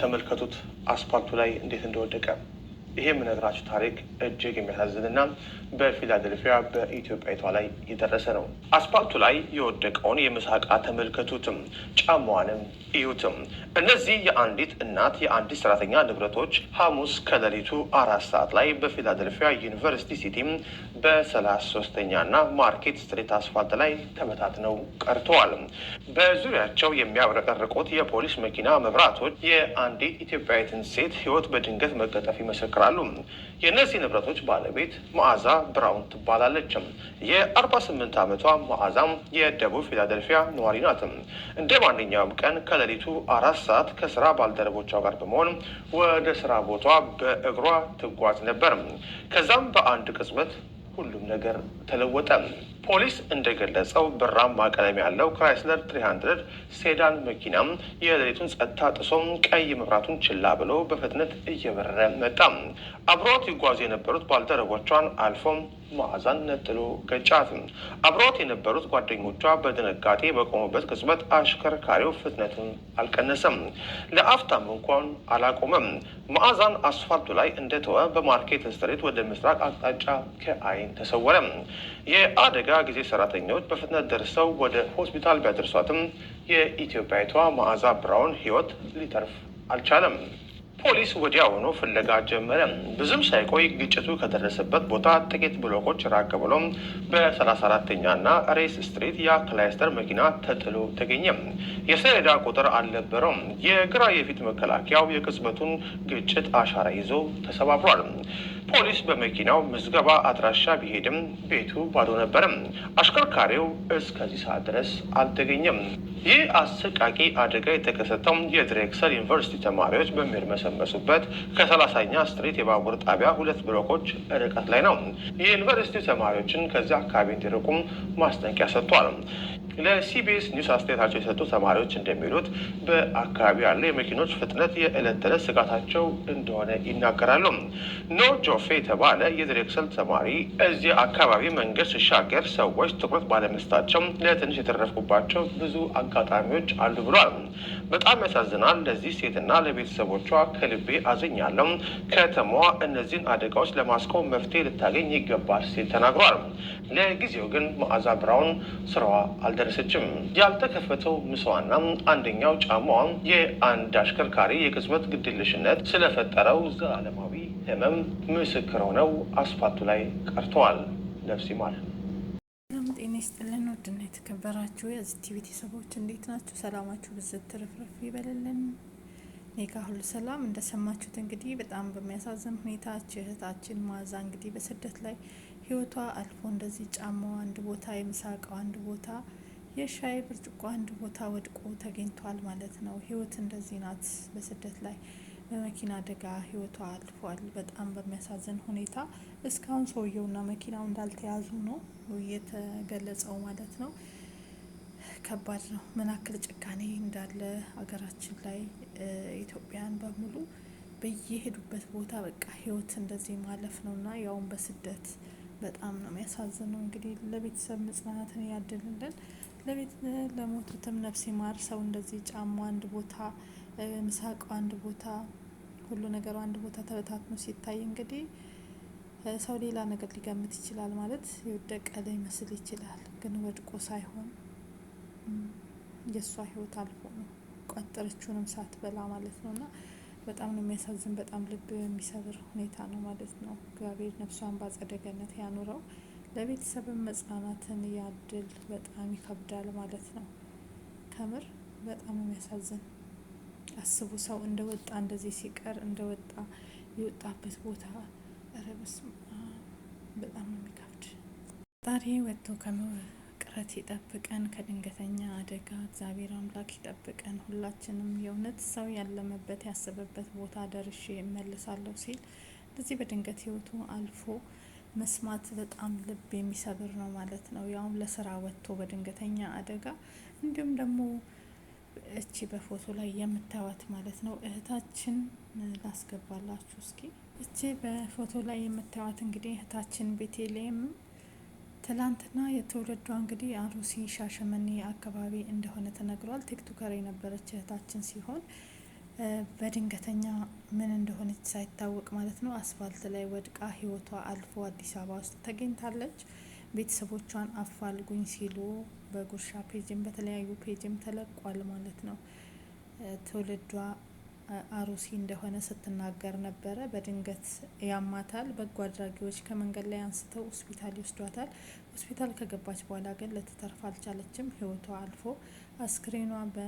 ተመልከቱት አስፓልቱ ላይ እንዴት እንደወደቀ። ይሄ የምነግራችሁ ታሪክ እጅግ የሚያሳዝን እና በፊላደልፊያ በኢትዮጵያዊቷ ላይ የደረሰ ነው። አስፓልቱ ላይ የወደቀውን የምሳቃ ተመልከቱትም፣ ጫማዋንም እዩትም። እነዚህ የአንዲት እናት የአንዲት ሰራተኛ ንብረቶች ሐሙስ ከሌሊቱ አራት ሰዓት ላይ በፊላደልፊያ ዩኒቨርሲቲ ሲቲም በሰላሳ ሶስተኛና ማርኬት ስትሪት አስፋልት ላይ ተበታትነው ቀርተዋል። በዙሪያቸው የሚያብረቀርቁት የፖሊስ መኪና መብራቶች የአንዲት ኢትዮጵያዊትን ሴት ሕይወት በድንገት መቀጠፍ ይመሰክራሉ። የእነዚህ ንብረቶች ባለቤት መዓዛ ብራውን ትባላለች። የአርባ ስምንት ዓመቷ መዓዛም የደቡብ ፊላደልፊያ ነዋሪ ናት። እንደ ማንኛውም ቀን ከሌሊቱ አራት ሰዓት ከስራ ባልደረቦቿ ጋር በመሆን ወደ ስራ ቦታ በእግሯ ትጓዝ ነበር። ከዛም በአንድ ቅጽበት ሁሉም ነገር ተለወጠ። ፖሊስ እንደገለጸው ብርማ ቀለም ያለው ክራይስለር 300 ሴዳን መኪና የሌሊቱን ጸጥታ ጥሶ ቀይ መብራቱን ችላ ብሎ በፍጥነት እየበረረ መጣ። አብሮት ይጓዙ የነበሩት ባልደረቦቿን አልፎ መዓዛን ነጥሎ ገጫት። አብሮት የነበሩት ጓደኞቿ በድንጋጤ በቆሙበት ቅጽበት አሽከርካሪው ፍጥነቱን አልቀነሰም። ለአፍታም እንኳን አላቆመም። መዓዛን አስፋልቱ ላይ እንደተወ በማርኬት ስትሪት ወደ ምስራቅ አቅጣጫ ከአይን ተሰወረ። የአደጋ ጊዜ ሰራተኞች በፍጥነት ደርሰው ወደ ሆስፒታል ቢያደርሷትም የኢትዮጵያዊቷ መዓዛ ብራውን ሕይወት ሊተርፍ አልቻለም። ፖሊስ ወዲያውኑ ፍለጋ ጀመረ። ብዙም ሳይቆይ ግጭቱ ከደረሰበት ቦታ ጥቂት ብሎኮች ራቅ ብሎም በሰላሳ አራተኛና ሬስ ስትሪት የክላይስተር መኪና ተጥሎ ተገኘ። የሰሌዳ ቁጥር አልነበረውም። የግራ የፊት መከላከያው የቅጽበቱን ግጭት አሻራ ይዞ ተሰባብሯል። ፖሊስ በመኪናው ምዝገባ አድራሻ ቢሄድም ቤቱ ባዶ ነበረም። አሽከርካሪው እስከዚህ ሰዓት ድረስ አልተገኘም። ይህ አሰቃቂ አደጋ የተከሰተው የድሬክሰል ዩኒቨርሲቲ ተማሪዎች በሚርመሰመሱበት ከሰላሳኛ ስትሬት የባቡር ጣቢያ ሁለት ብሎኮች ርቀት ላይ ነው። የዩኒቨርሲቲ ተማሪዎችን ከዚያ አካባቢ እንዲርቁም ማስጠንቂያ ሰጥቷል። ለሲቢኤስ ኒውስ አስተያየታቸው የሰጡ ተማሪዎች እንደሚሉት በአካባቢ ያለ የመኪኖች ፍጥነት የዕለት ተዕለት ስጋታቸው እንደሆነ ይናገራሉ። ኖ ጆፌ የተባለ የድሬክሰል ተማሪ እዚህ አካባቢ መንገድ ሲሻገር ሰዎች ትኩረት ባለመስጣቸው ለትንሽ የተረፍኩባቸው ብዙ አጋጣሚዎች አሉ ብሏል። በጣም ያሳዝናል። ለዚህ ሴትና ለቤተሰቦቿ ከልቤ አዝኛለሁ። ከተማዋ እነዚህን አደጋዎች ለማስቆም መፍትሄ ልታገኝ ይገባል ሲል ተናግሯል። ለጊዜው ግን መዓዛ ብራውን ስራዋ አልደ አልደረሰችም። ያልተከፈተው ምስዋና አንደኛው ጫማዋ የአንድ አሽከርካሪ የቅጽበት ግድልሽነት ስለፈጠረው ዘላለማዊ ህመም ምስክር ሆነው አስፋልቱ ላይ ቀርተዋል። ነፍስ ይማር። ጤና ይስጥልን። ውድና የተከበራችሁ የዚህ ቲቪ ቤተሰቦች እንዴት ናችሁ? ሰላማችሁ ብዝት ትርፍርፍ ይበልልን። እኔ ጋ ሁሉ ሰላም። እንደሰማችሁት እንግዲህ በጣም በሚያሳዝን ሁኔታ እህታችን ማዛ እንግዲህ በስደት ላይ ህይወቷ አልፎ እንደዚህ ጫማዋ አንድ ቦታ የምሳቀው አንድ ቦታ የሻይ ብርጭቆ አንድ ቦታ ወድቆ ተገኝቷል ማለት ነው። ህይወት እንደዚህ ናት። በስደት ላይ በመኪና አደጋ ህይወቷ አልፏል። በጣም በሚያሳዝን ሁኔታ እስካሁን ሰውየውና መኪናው እንዳልተያዙ ነው የተገለጸው ማለት ነው። ከባድ ነው። ምን ያክል ጭካኔ እንዳለ ሀገራችን ላይ ኢትዮጵያን በሙሉ በየሄዱበት ቦታ በቃ ህይወት እንደዚህ ማለፍ ነው እና ያውም በስደት በጣም ነው የሚያሳዝነው። እንግዲህ ለቤተሰብ መጽናናትን ያድልልን። ለቤት ለሞቱትም ነፍስ ይማር። ሰው እንደዚህ ጫማ አንድ ቦታ፣ ምሳቁ አንድ ቦታ፣ ሁሉ ነገሩ አንድ ቦታ ተበታትኖ ሲታይ እንግዲህ ሰው ሌላ ነገር ሊገምት ይችላል። ማለት የወደቀ ሊመስል ይችላል፣ ግን ወድቆ ሳይሆን የእሷ ህይወት አልፎ ነው ቋጠረችውንም ሳትበላ ማለት ነው። እና በጣም ነው የሚያሳዝን፣ በጣም ልብ የሚሰብር ሁኔታ ነው ማለት ነው። እግዚአብሔር ነፍሷን በአጸደ ገነት ያኑረው። ለቤተሰብን መጽናናትን ያድል። በጣም ይከብዳል ማለት ነው። ከምር በጣም የሚያሳዝን አስቡ። ሰው እንደወጣ እንደዚህ ሲቀር እንደወጣ የወጣበት ቦታ ረብስ በጣም ነው የሚከብድ። ጣሪ ወጥቶ ከመቅረት ይጠብቀን፣ ከድንገተኛ አደጋ እግዚአብሔር አምላክ ይጠብቀን ሁላችንም። የእውነት ሰው ያለመበት ያሰበበት ቦታ ደርሼ እመልሳለሁ ሲል እንደዚህ በድንገት ህይወቱ አልፎ መስማት በጣም ልብ የሚሰብር ነው ማለት ነው። ያውም ለስራ ወጥቶ በድንገተኛ አደጋ እንዲሁም ደግሞ እቺ በፎቶ ላይ የምታዩት ማለት ነው እህታችን ላስገባላችሁ እስኪ። እቺ በፎቶ ላይ የምታዩት እንግዲህ እህታችን ቤቴሌም ትላንትና የትውልዷ እንግዲህ አሩሲ ሻሸመኔ አካባቢ እንደሆነ ተነግሯል። ቲክቶከር የነበረች እህታችን ሲሆን በድንገተኛ ምን እንደሆነች ሳይታወቅ ማለት ነው አስፋልት ላይ ወድቃ ህይወቷ አልፎ አዲስ አበባ ውስጥ ተገኝታለች። ቤተሰቦቿን አፋልጉኝ ሲሉ በጉርሻ ፔጅም በተለያዩ ፔጅም ተለቋል ማለት ነው። ትውልዷ አሩሲ እንደሆነ ስትናገር ነበረ። በድንገት ያማታል። በጎ አድራጊዎች ከመንገድ ላይ አንስተው ሆስፒታል ይወስዷታል። ሆስፒታል ከገባች በኋላ ግን ልትተርፍ አልቻለችም። ህይወቷ አልፎ አስክሬኗ በ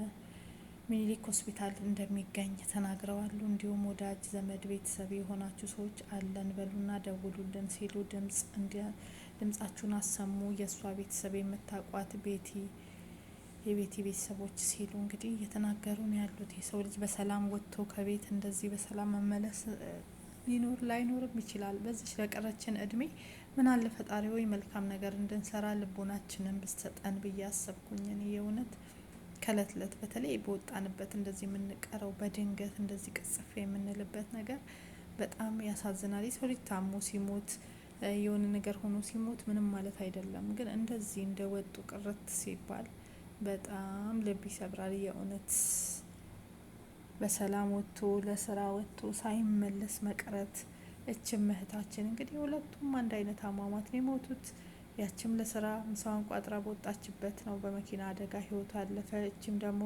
ሚኒሊክ ሆስፒታል እንደሚገኝ ተናግረዋል። እንዲሁም ወዳጅ ዘመድ ቤተሰብ የሆናችሁ ሰዎች አለን በሉና ደውሉልን ሲሉ ድምጻችሁን አሰሙ። የእሷ ቤተሰብ የምታቋት ቤቲ የቤቲ ቤተሰቦች ሲሉ እንግዲህ እየተናገሩ ነው ያሉት። የሰው ልጅ በሰላም ወጥቶ ከቤት እንደዚህ በሰላም መመለስ ሊኖር ላይኖርም ይችላል። በዚች ለቀረችን እድሜ ምን አለ ፈጣሪ ሆይ መልካም ነገር እንድንሰራ ልቦናችንን ብትሰጠን ብዬ አሰብኩኝ እኔ የእውነት ከእለት እለት በተለይ በወጣንበት እንደዚህ የምንቀረው በድንገት እንደዚህ ቅጽፍ የምንልበት ነገር በጣም ያሳዝናል። የሰው ልጅ ታሞ ሲሞት የሆነ ነገር ሆኖ ሲሞት ምንም ማለት አይደለም፣ ግን እንደዚህ እንደ ወጡ ቅረት ሲባል በጣም ልብ ይሰብራል። የእውነት በሰላም ወጥቶ ለስራ ወጥቶ ሳይመለስ መቅረት። እችም እህታችን እንግዲህ ሁለቱም አንድ አይነት አሟሟት ነው የሞቱት። ያችም ለስራ ምሳዋን ቋጥራ በወጣችበት ነው በመኪና አደጋ ህይወቷ አለፈ። እችም ደግሞ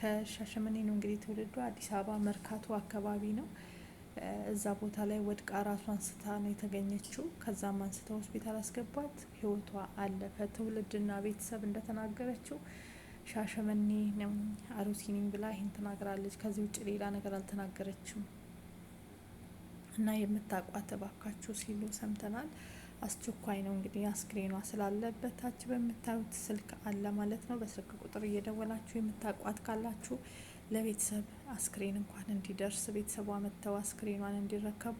ከሻሸመኔ ነው እንግዲህ ትውልዷ አዲስ አበባ መርካቶ አካባቢ ነው። እዛ ቦታ ላይ ወድቃ ራሷን ስታ ነው የተገኘችው። ከዛም አንስተው ሆስፒታል አስገባት፣ ህይወቷ አለፈ። ትውልድና ቤተሰብ እንደተናገረችው ሻሸመኔ ነው አሩሲኒም ብላ ይህን ተናግራለች። ከዚህ ውጭ ሌላ ነገር አልተናገረችም እና የምታውቋት እባካችሁ ሲሉ ሰምተናል። አስቸኳይ ነው እንግዲህ አስክሬኗ ስላለበት ታች በምታዩት ስልክ አለ ማለት ነው። በስልክ ቁጥር እየደወላችሁ የምታቋት ካላችሁ ለቤተሰብ አስክሬን እንኳን እንዲደርስ ቤተሰቧ መጥተው አስክሬኗን እንዲረከቡ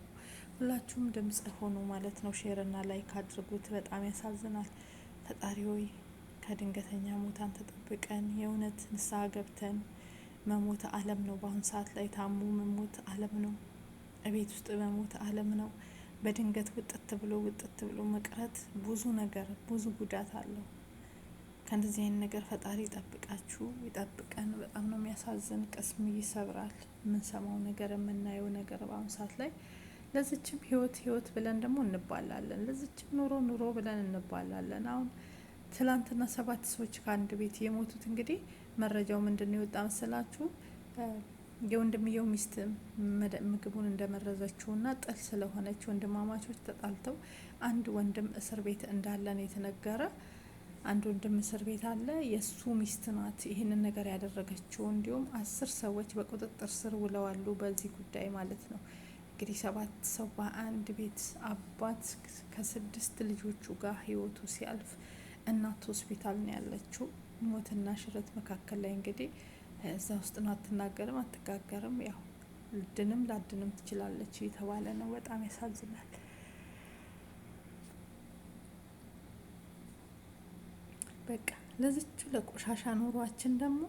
ሁላችሁም ድምጽ ሆኑ ማለት ነው። ሼርና ላይክ አድርጉት። በጣም ያሳዝናል። ፈጣሪ ሆይ ከድንገተኛ ሞታን ተጠብቀን የእውነት ንስሐ ገብተን መሞት አለም ነው። በአሁኑ ሰዓት ላይ ታሞ መሞት አለም ነው። እቤት ውስጥ መሞት አለም ነው። በድንገት ውጥት ብሎ ውጥት ብሎ መቅረት ብዙ ነገር ብዙ ጉዳት አለው። ከእንደዚህ አይነት ነገር ፈጣሪ ይጠብቃችሁ ይጠብቀን። በጣም ነው የሚያሳዝን፣ ቅስም ይሰብራል። የምንሰማው ነገር የምናየው ነገር በአሁኑ ሰዓት ላይ ለዚችም ህይወት ህይወት ብለን ደግሞ እንባላለን፣ ለዚችም ኑሮ ኑሮ ብለን እንባላለን። አሁን ትላንትና ሰባት ሰዎች ከአንድ ቤት የሞቱት እንግዲህ መረጃው ምንድን ነው የወጣ መስላችሁ? የወንድምየው ሚስት ምግቡን እንደመረዘችውና ጥል ስለሆነች ወንድማማቾች ተጣልተው አንድ ወንድም እስር ቤት እንዳለ ነው የተነገረ። አንድ ወንድም እስር ቤት አለ። የእሱ ሚስት ናት ይህንን ነገር ያደረገችው። እንዲሁም አስር ሰዎች በቁጥጥር ስር ውለዋሉ በዚህ ጉዳይ ማለት ነው። እንግዲህ ሰባት ሰው በአንድ ቤት አባት ከስድስት ልጆቹ ጋር ህይወቱ ሲያልፍ እናት ሆስፒታል ነው ያለችው። ሞትና ሽረት መካከል ላይ እንግዲህ እዛ ውስጥ ነው። አትናገርም፣ አትጋገርም። ያው ልድንም ላድንም ትችላለች የተባለ ነው። በጣም ያሳዝናል። በቃ ለዝቹ ለቆሻሻ ኑሯችን ደግሞ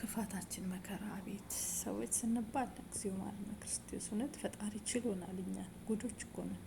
ክፋታችን መከራ አቤት ሰዎች ስንባል እግዚኦ ማርነ ክርስቶስ እውነት ፈጣሪ ችሎናል። እኛ ጉዶች እኮ ነን።